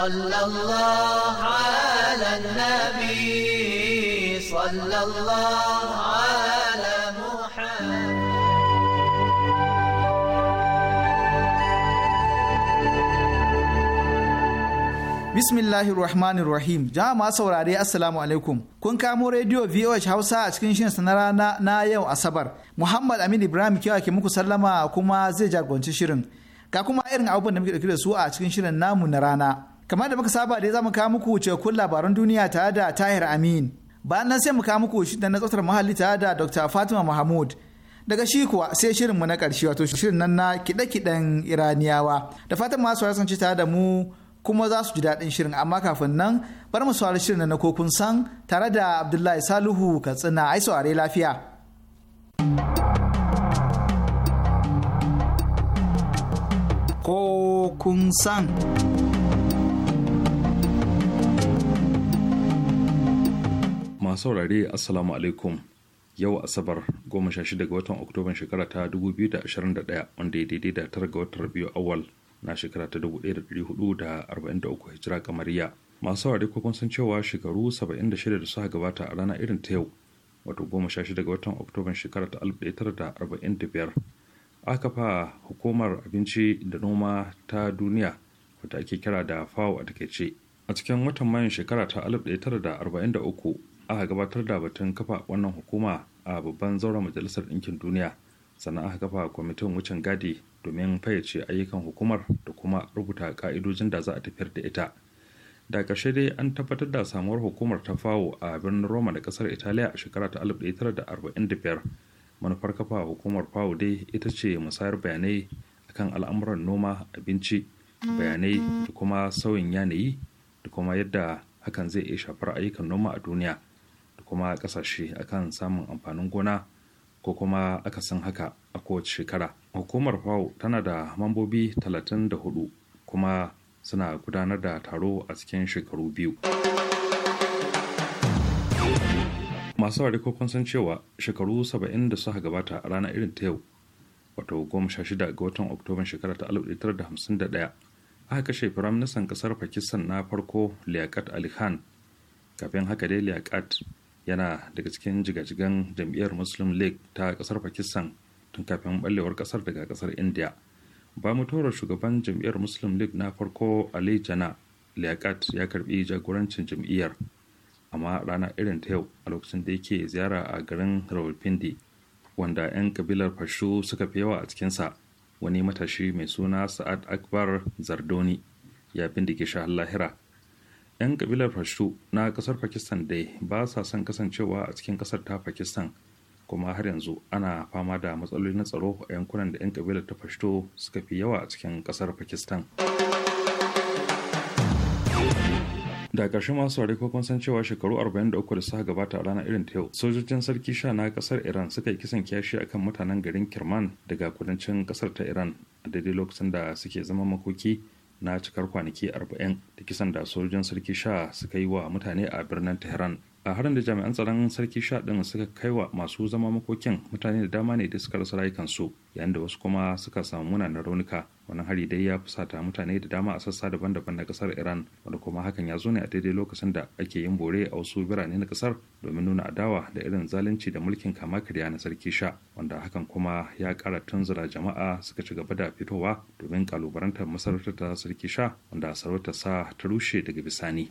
صلى الله على النبي صلى الله على محمد Bismillahir Rahmanir Rahim. Jama'a saurare Assalamu alaikum. Kun kamo rediyo VOH Hausa a cikin shirin na rana na yau Asabar. Muhammad Amin Ibrahim kewa ke muku sallama kuma zai jagoranci shirin. Ga kuma irin abubuwan da muke dauke da su a cikin shirin namu na rana. kamar da muka saba dai za mu kawo muku cikakkun labaran duniya tare da tahir amin bayan nan sai mu kawo muku shi da na tsaftar muhalli tare da dr fatima mahmud daga shi kuwa sai shirin mu na ƙarshe wato shirin nan na kiɗe-kiɗen iraniyawa da fatima masu sun ci tare da mu kuma za su ji daɗin shirin amma kafin nan bar mu saurari shirin na kokun san tare da abdullahi saluhu katsina ai saurare lafiya kokun san masu saurare assalamu alaikum yau asabar 16 ga watan oktoban shekara ta 2021 wanda ya daidai da tara ga watan biyu awal na shekara ta 1443 hijira kamariya masu saurare ko kun san cewa shekaru 76 da suka gabata a rana irin ta yau wato 16 ga watan oktoban shekara ta 1945 aka fa hukumar abinci da noma ta duniya wata ake kira da fawo a takaice a cikin watan mayun shekara ta 1943 aka gabatar da batun kafa wannan hukuma a babban zauren majalisar ɗinkin duniya sannan aka kafa kwamitin wucin gadi domin fayyace ayyukan hukumar da kuma rubuta ka'idojin da za a tafiyar da ita da ƙarshe dai an tabbatar da samuwar hukumar ta fawo a birnin roma da ƙasar italiya a shekara ta 1945 manufar kafa hukumar fawo dai ita ce musayar bayanai akan al'amuran noma abinci bayanai da kuma sauyin yanayi da kuma yadda hakan zai iya shafar ayyukan noma a duniya kuma kasashe akan samun amfanin gona ko kuma san haka a kowace shekara hukumar fao tana da mambobi 34 kuma suna gudanar da taro a cikin shekaru biyu masu kokon san cewa shekaru 70 da suka gabata a ranar irin ta yau wato 16 ga watan oktoban shekara ta 1951 aka kashe firaministan kasar pakistan na farko liaquat ali khan kafin haka dai liaquat yana daga cikin jigajigan jam'iyyar muslim league ta kasar pakistan tun kafin ballewar kasar daga kasar india ba mutuwar shugaban jam'iyyar muslim league na farko ali jana liaquat ya karbi jagorancin jam'iyyar amma rana irin ta yau a lokacin da yake ziyara a garin rawalpindi wanda 'yan kabilar fashu suka fi yawa a cikinsa wani matashi mai suna sa'ad akbar zardoni ya bindige shahar lahira 'yan kabilar pashto na kasar pakistan dai ba sa son kasancewa a cikin kasar ta pakistan kuma har yanzu ana fama da matsaloli na tsaro a yankunan da 'yan kabilar ta pashto suka fi yawa a cikin kasar pakistan da ƙarshe masu ware ko kun san cewa shekaru 43 da suka gabata a ranar irin ta yau sojojin sarki sha na kasar iran suka yi kisan kiyashi akan mutanen garin kirman daga kudancin kasar ta iran a daidai lokacin da suke zama makoki na cikar kwanaki 40 da kisan da sojojin sarki sha suka yi wa mutane a birnin tehran a harin da jami'an tsaron sarki sha ɗin suka kai wa masu zama makokin mutane da dama ne da suka rasa rayukansu yayin da wasu kuma suka samu munanan raunuka wani hari dai ya fusata mutane da dama a sassa daban-daban na kasar iran wanda kuma hakan ya zo ne a daidai lokacin da ake yin bore a wasu birane na kasar domin nuna adawa da irin zalunci da mulkin kama karya na sarki sha wanda hakan kuma ya kara tunzura jama'a suka ci gaba da fitowa domin kalubarantar masarautar sarki sha wanda sarautar sa ta rushe daga bisani.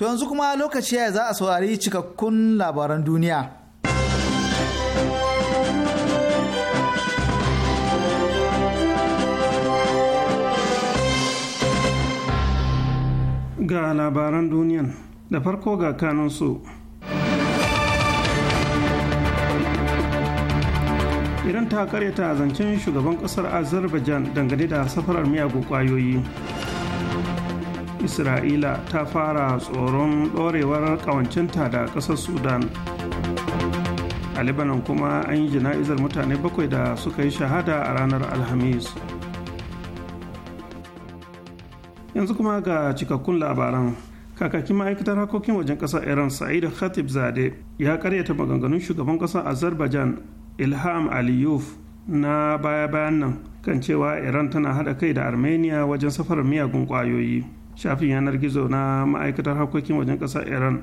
To yanzu kuma lokaci ya za a saurari cikakkun labaran duniya. Ga labaran duniyan da farko ga kanunsu. Iran ta karyata zancen shugaban kasar Azerbaijan dangane da safarar miyagun kwayoyi. isra'ila ta fara tsoron ɗorewar ƙawancinta da ƙasar sudan a lebanon kuma an yi jana'izar mutane bakwai da suka yi shahada a ranar alhamis yanzu kuma ga cikakkun labaran kakakin ma'aikatar harkokin wajen ƙasar iran sa'id khatib zade ya karyata maganganun shugaban ƙasar azerbaijan ilham aliyuf na baya-bayan nan kan cewa iran tana haɗa kai da armenia wajen safarar miyagun ƙwayoyi shafin yanar gizo na ma'aikatar harkokin wajen ƙasar iran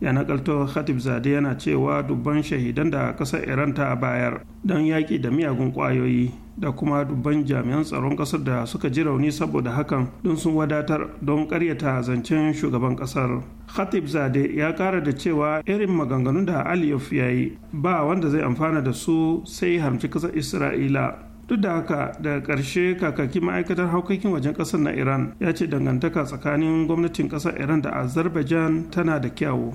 ya nakalto khatib zade yana cewa dubban shahidan da ƙasar iran ta bayar don yaƙi da miyagun ƙwayoyi da kuma dubban jami'an tsaron ƙasar da suka ji rauni saboda hakan don sun wadatar don karyata zancen shugaban ƙasar khatib zade ya ƙara da cewa irin maganganun da aliyu ya yi ba wanda zai amfana da su sai harmci ƙasar isra'ila duk da haka daga ƙarshe kakakin ma'aikatar haukakin wajen ƙasar na iran ya ce dangantaka tsakanin gwamnatin ƙasar iran da azerbaijan tana da kyawu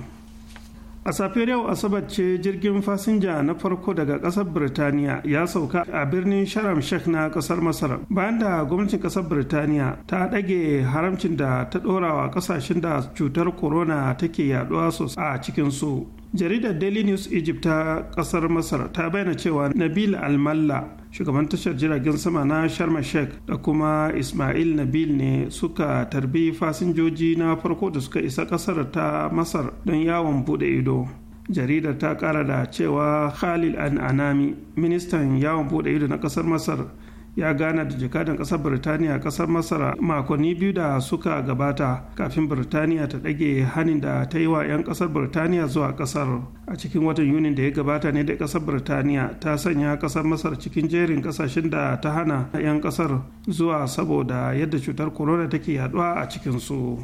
a safiyar yau asabar ce jirgin fasinja na farko daga kasar birtaniya ya sauka a birnin sharam sheikh na kasar masar bayan da gwamnatin ƙasar birtaniya ta ɗage haramcin da ta ɗorawa kasashen da cutar corona take yaduwa sosai a cikinsu. jaridar daily news egypt ta kasar masar ta bayyana cewa nabil almalla shugaban tashar jiragen sama na sharma sheikh da kuma ismail nabil ne suka tarbi fasinjoji na farko da suka isa kasar ta masar don yawon bude ido jaridar ta kara da cewa khalil an anami ministan yawon bude ido na kasar masar ya gana da jakadan kasar birtaniya kasar masar makonni biyu da suka gabata kafin birtaniya ta ɗage hanin da ta yi wa 'yan kasar birtaniya zuwa kasar a cikin watan yunin da ya gabata ne da kasar birtaniya ta sanya kasar masar cikin jerin kasashen da ta hana 'yan kasar zuwa saboda yadda cutar corona take yaduwa a cikin su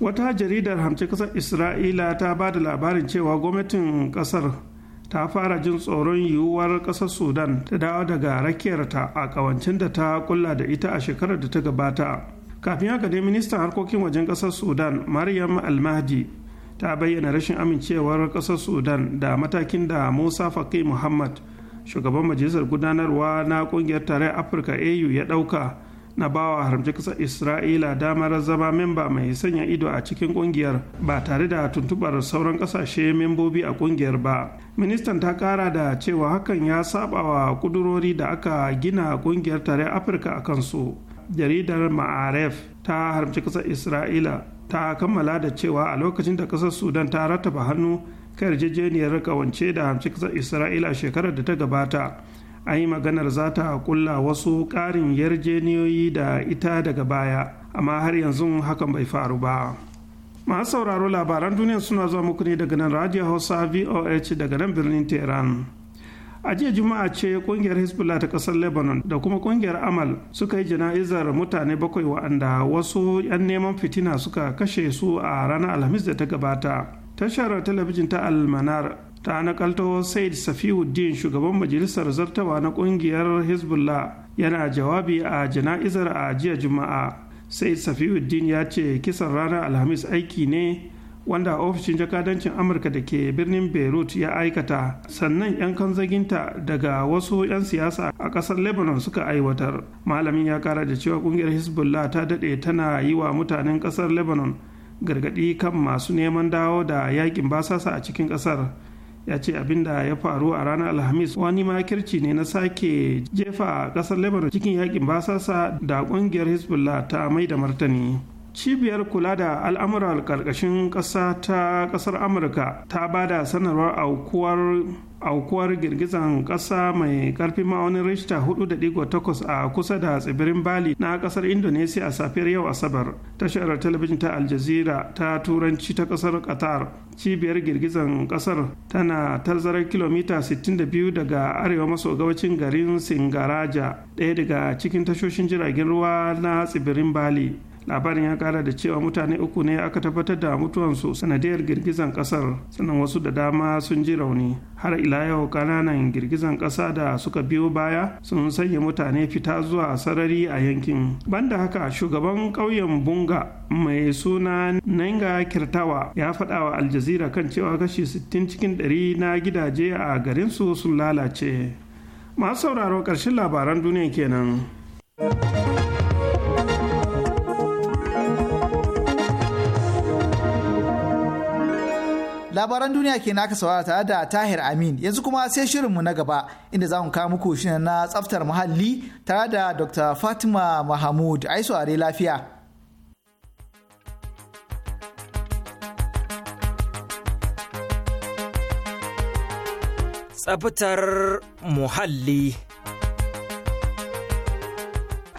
wata jaridar hamci kasar isra'ila ta ba da labarin cewa gwamnatin kasar ta fara jin tsoron yiwuwar ƙasar sudan ta dawo daga rakiyarta a ƙawancin da ta kulla da ita a shekarar da ta gabata kafin haka dai ministan harkokin wajen ƙasar sudan maryam almahdi ta bayyana rashin amincewar ƙasar sudan da matakin da musa faki muhammad shugaban majalisar gudanarwa na ƙungiyar tarayyar afirka au ya ɗauka na bawa haramci kasar isra'ila damar zama memba mai sanya ido a cikin kungiyar ba tare da tuntubar sauran kasashe membobi a kungiyar ba ministan ta kara da cewa hakan ya saba wa kudurori da aka gina kungiyar tare afirka a kansu jaridar ma'aref ta haramci kasar isra'ila ta kammala da cewa a lokacin da kasar sudan ta rattaba hannu kan yarjejeniyar kawance da haramci kasar isra'ila shekarar da ta gabata an yi maganar za ta kulla wasu ƙarin yarjeniyoyi da ita daga baya amma har yanzu hakan bai faru ba masu sauraro labaran duniya suna zuwa muku ne daga nan radio hausa voh daga nan birnin tehran a jiya juma'a ce kungiyar hezbollah ta kasar lebanon da kuma kungiyar amal suka yi jana'izar mutane bakwai wa'anda wasu 'yan neman fitina suka kashe su a ranar alhamis da ta gabata tashar talabijin ta almanar ta nakalto said safiuddin shugaban majalisar zartawa na kungiyar hezbollah yana jawabi a jana'izar a jiya juma'a said safiuddin ya ce kisan ranar alhamis aiki ne wanda ofishin jakadancin amurka da ke birnin beirut ya aikata sannan 'yan kanzaginta daga wasu 'yan siyasa a kasar lebanon suka aiwatar malamin ya kara da cewa kungiyar hezbollah ta dade tana yi wa mutanen kasar lebanon gargadi kan masu neman dawo da yakin basasa a cikin kasar ya ce abin da ya faru a ranar alhamis wani makirci ne na sake jefa kasar lebanon cikin yakin basasa da kungiyar hezbollah ta mai da martani cibiyar kula da al'amura karkashin ƙasa ta ƙasar amurka ta ba da sanarwar aukuwar girgizan ƙasa mai ƙarfi ma'aunin rishta 4.8 a kusa da tsibirin bali na ƙasar indonesia a safiyar yau asabar tashar talabijin ta aljazira ta turanci ta ƙasar qatar cibiyar girgizan ƙasar tana tazarar kilomita 62 daga arewa maso gabacin garin singaraja ɗaya daga cikin tashoshin jiragen ruwa na tsibirin bali labarin ya kara da cewa mutane uku ne aka tabbatar da mutuwansu sanadiyar girgizan kasar sannan wasu da dama sun ji rauni har ila yau kananan girgizan kasa da suka biyo baya sun sanya mutane fita zuwa sarari a yankin banda haka shugaban ƙauyen bunga mai suna Nanga Kirtawa ya faɗa wa Aljazira kan cewa kashi 60 cikin 100 na gidaje a garinsu sun lalace. Masu sauraro ƙarshen labaran duniya kenan. labaran duniya ke naka saurara tare da tahir amin yanzu kuma sai shirinmu na gaba inda za mu kawo muku shirin na tsaftar muhalli tare da dr fatima mahmud ai saurare lafiya tsaftar muhalli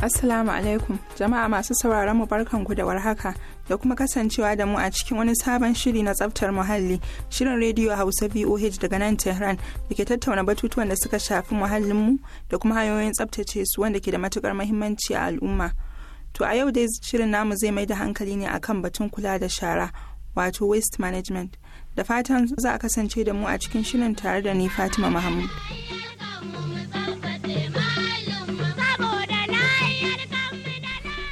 Assalamu alaikum jama'a masu sauraron mu barkanku da warhaka da kuma kasancewa da mu a cikin wani sabon shiri na tsaftar muhalli shirin rediyo hausa voh daga nan tehran da ke tattauna batutuwan da suka shafi muhallinmu da kuma hanyoyin tsaftace su wanda ke da matukar mahimmanci a al'umma to a yau dai shirin namu zai mai da hankali ne akan batun kula da shara wato waste management da fatan za a kasance da mu a cikin shirin tare da ni fatima mahmud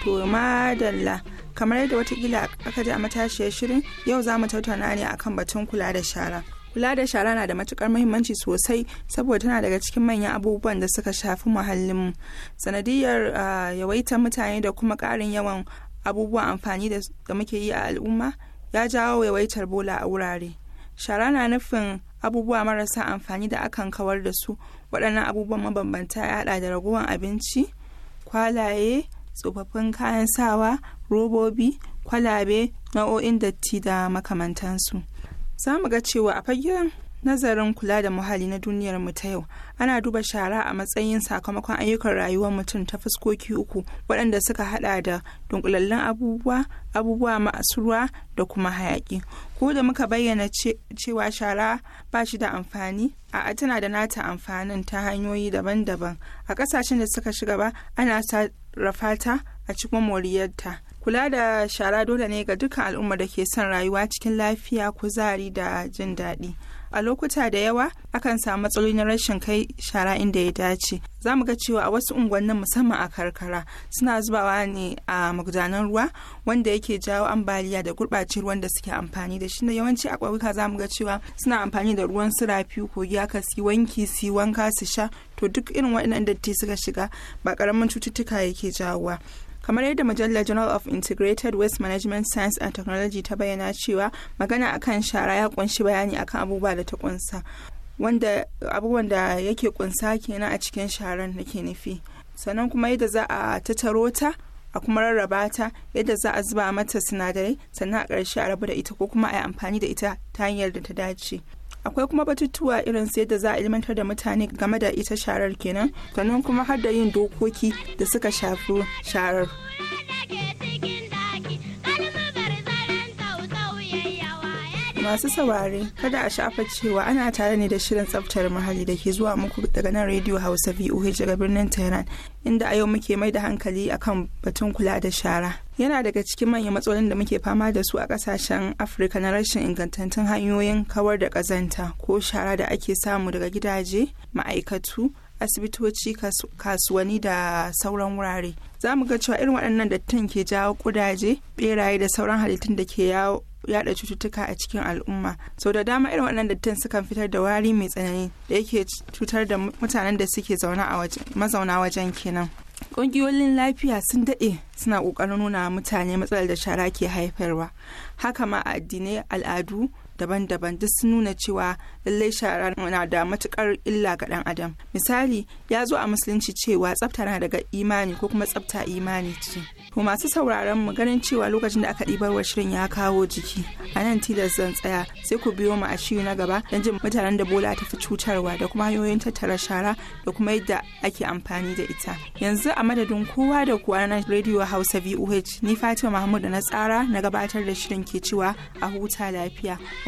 to madalla kamar yadda watakila aka ji a matashiyar shirin yau za mu tattauna ne akan batun kula da shara kula da shara na da matukar muhimmanci sosai saboda tana daga cikin manyan abubuwan da suka shafi muhallin mu sanadiyar yawaitar mutane da kuma karin yawan abubuwan amfani da muke yi a al'umma ya jawo yawaitar bola a wurare shara na nufin abubuwa marasa amfani da akan kawar da su waɗannan abubuwan mabambanta ya haɗa da ragowar abinci kwalaye tsofaffin kayan sawa robobi kwalabe na'o'in datti da makamantansu za mu ga cewa a fagen nazarin kula da muhalli na duniyar mu ta yau ana duba shara a matsayin sakamakon ayyukan rayuwar mutum ta fuskoki uku waɗanda suka hada da dunkulallen abubuwa abubuwa masu ruwa da kuma hayaki ko da muka bayyana cewa shara ba shi da amfani a tana da nata amfanin ta hanyoyi daban-daban a ƙasashen da suka shiga ba ana sarrafa ta a cikin moriyarta kula da shara dole ne ga dukkan al'ummar da ke son rayuwa cikin lafiya kuzari da jin daɗi a lokuta da yawa akan samu matsaloli na rashin kai shara inda ya dace za mu ga cewa a wasu unguwannin musamman a karkara suna zubawa ne a magudanan ruwa wanda yake jawo ambaliya da gurɓacin ruwan da suke amfani da shi da yawanci a ƙauyuka za mu ga cewa suna amfani da ruwan sirafi rafi kogi ka su wanki su wanka su sha to duk irin waɗannan datti suka shiga ba ƙaramin cututtuka yake jawowa kamar yadda mujallar journal of integrated waste management science and technology ta bayyana cewa magana akan shara ya kunshi bayani akan abubuwa da ta kunsa wanda abubuwan da yake kunsa kenan a cikin sharan nake nufi sannan kuma yadda za a tattaro ta a kuma rarraba ta yadda za a zuba mata sinadarai sannan a ƙarshe a rabu da ita ko kuma a yi amfani da ita ta hanyar da ta dace akwai kuma batutuwa irin sai da za a ilmantar da mutane game da ita sharar kenan sannan kuma har da yin dokoki da suka shafi sharar. Masu saurare kada a shafa cewa ana tare ne da shirin tsaftar muhalli da ke zuwa muku daga nan Radio Hausa VOH daga birnin Tehran inda a yau muke mai da hankali akan batun kula da shara. Yana daga cikin manyan matsalolin da muke fama da su a kasashen Afirka na rashin ingantattun hanyoyin kawar da kazanta ko shara da ake samu daga gidaje, ma'aikatu, asibitoci kasuwanni da sauran wurare za mu ga cewa irin waɗannan dattin ke jawo kudaje beraye da sauran halittun da ke yawo yada cututtuka a cikin al'umma sau da dama irin waɗannan dattin sukan fitar da wari mai tsanani da yake cutar da mutanen da suke mazauna wajen kenan ƙungiyoyin lafiya sun daɗe suna ƙoƙarin nuna mutane matsalar da shara ke haifarwa haka ma addinai al'adu daban-daban duk sun nuna cewa lallai shara na da matukar illa ga dan adam misali ya zo a musulunci cewa tsafta na daga imani ko kuma tsafta imani ce to masu sauraron mu ganin cewa lokacin da aka ɗibar wa shirin ya kawo jiki a nan tilas zan tsaya sai ku biyo mu a shiyu na gaba don jin mutanen da bola ta fi cutarwa da kuma hanyoyin tattara shara da kuma yadda ake amfani da ita yanzu a madadin kowa da kowa na radio hausa voh ni fatima mahmud na tsara na gabatar da shirin ke cewa a huta lafiya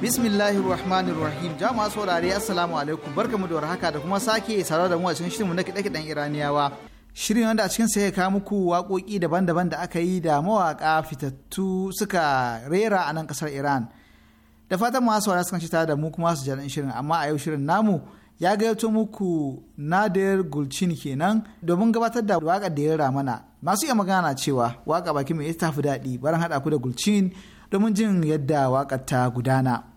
bismillahir rahmanir rahim jama'a saurare assalamu alaikum barkamu da warhaka da kuma sake sarar da mu a cikin shirinmu na kiɗe-kiɗen iraniyawa shirin wanda a cikin sa ya muku waƙoƙi daban-daban da aka yi da mawaƙa fitattu suka rera a nan ƙasar iran da fatan masu saurara suka cita da mu kuma su jaɗin shirin amma a yau shirin namu ya gayyato muku nadir gulcin kenan domin gabatar da waƙar da ya rera mana masu iya magana cewa waƙa baki mai ita tafi daɗi barin haɗa ku da gulcin domin jin yadda waƙar ta gudana.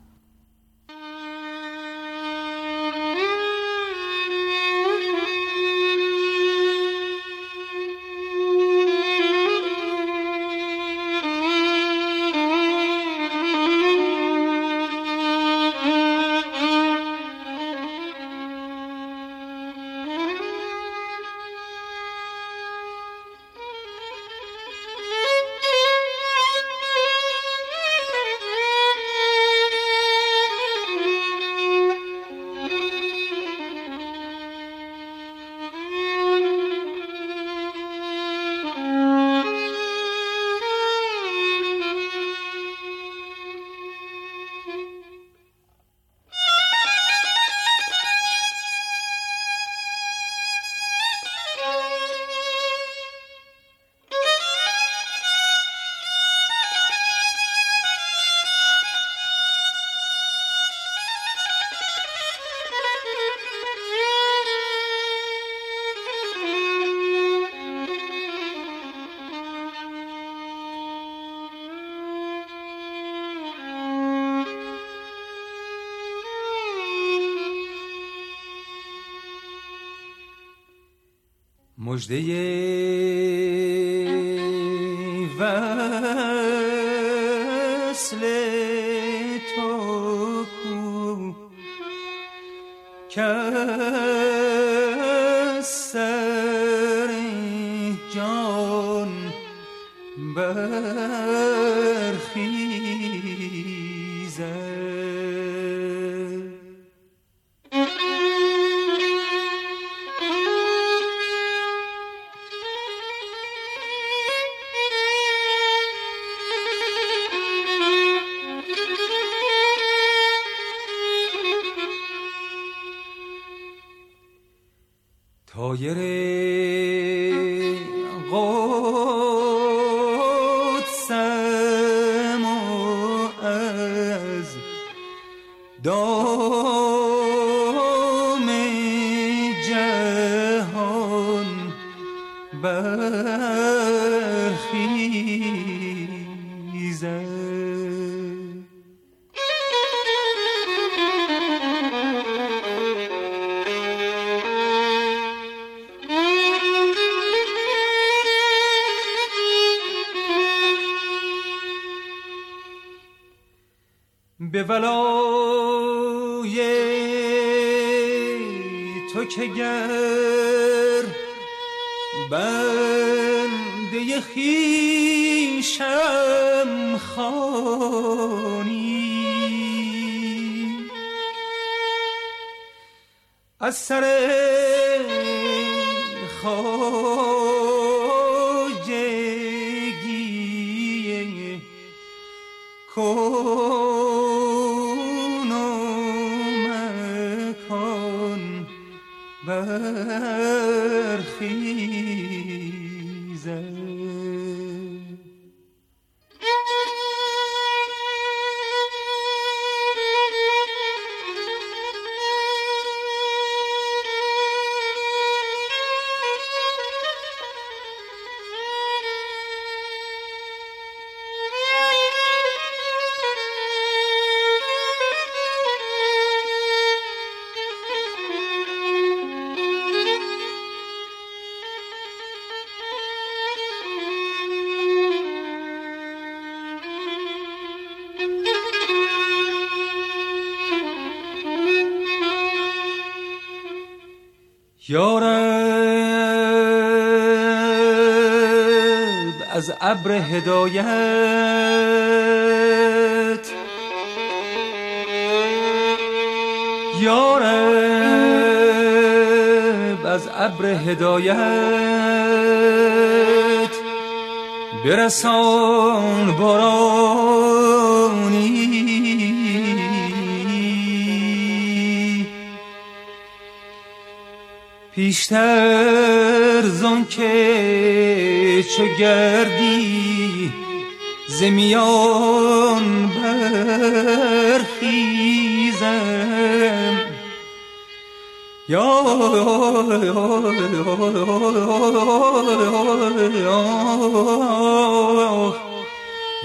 مجده وصل تو کو سر جان برخی ولای تو که گر بنده خیشم خانی از سر ابر هدایت یارب از ابر هدایت برسان بارانی پیشتر زن که چو گردی زمیان برخیزم یا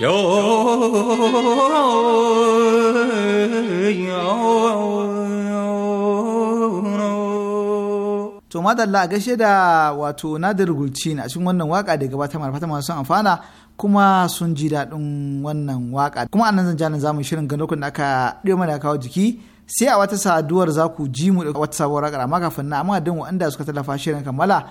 یا to madalla a gaishe da wato nadir gulcin a cikin wannan waka da gabata mara fata masu amfana kuma sun ji daɗin wannan waka kuma nan zan janin zamu shirin gano kun da aka ɗiyo mana kawo jiki sai a wata saduwar za ku ji mu wata sabuwar waka amma kafin na amma don wanda suka tallafa shirin kammala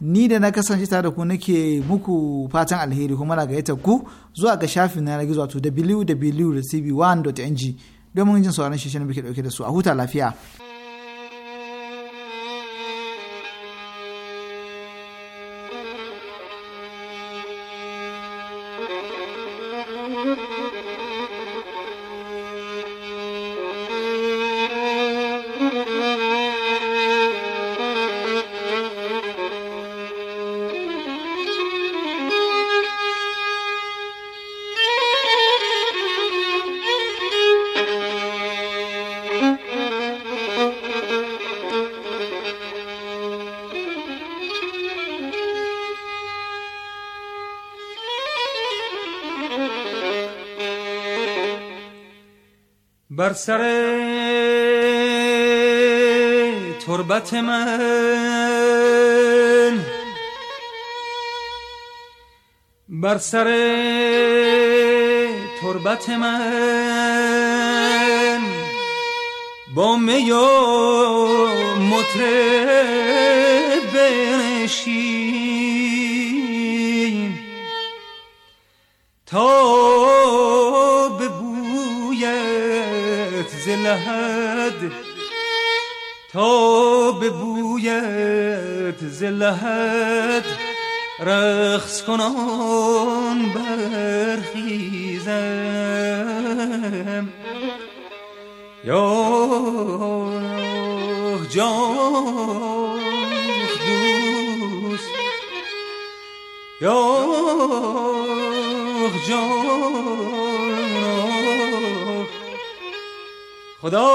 ni da na kasance tare da ku nake muku fatan alheri kuma na gayyatar ku zuwa ga shafin na gizo wato www.cb1.ng domin jin sauran shirin da muke dauke da su a huta lafiya. بر سر تربت من بر سر تربت من با می و مطرب تا زلهد تا به بویت زلهد رخص کنان برخیزم یا جان دوست یا جان خدا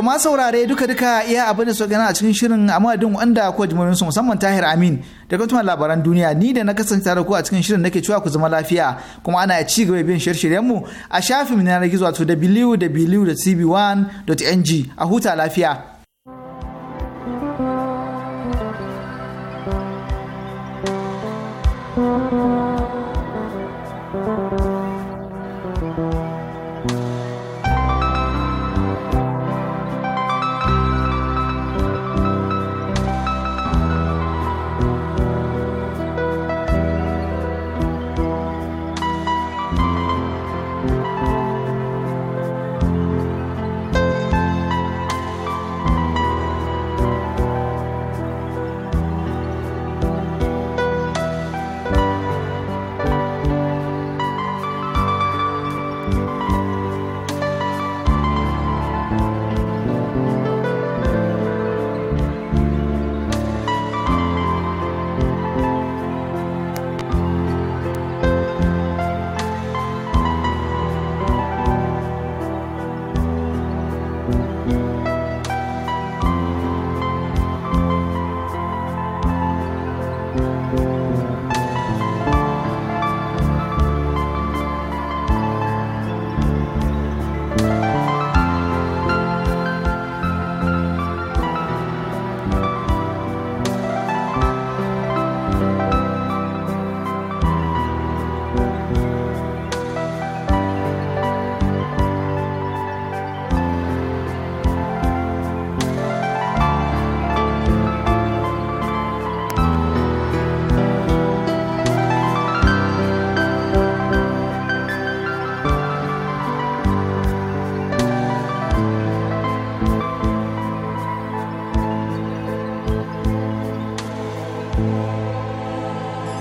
To ma saurare duka-duka iya abin da su gana a cikin shirin a madadin wanda ko jimurin su musamman Tahir Amin da kuma labaran duniya ni da na kasance tare ku a cikin shirin nake cewa ku zama lafiya kuma ana ci gaba bin shirye-shiryen mu a shafin na gizo wato www.cb1.ng a huta lafiya.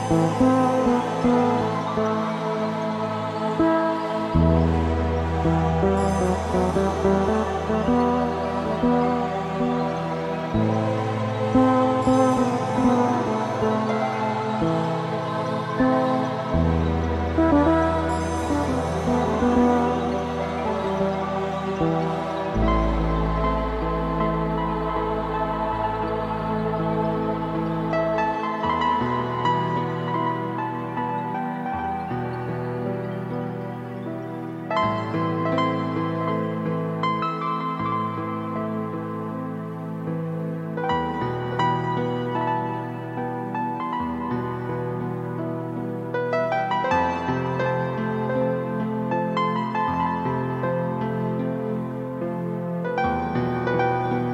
Thank you.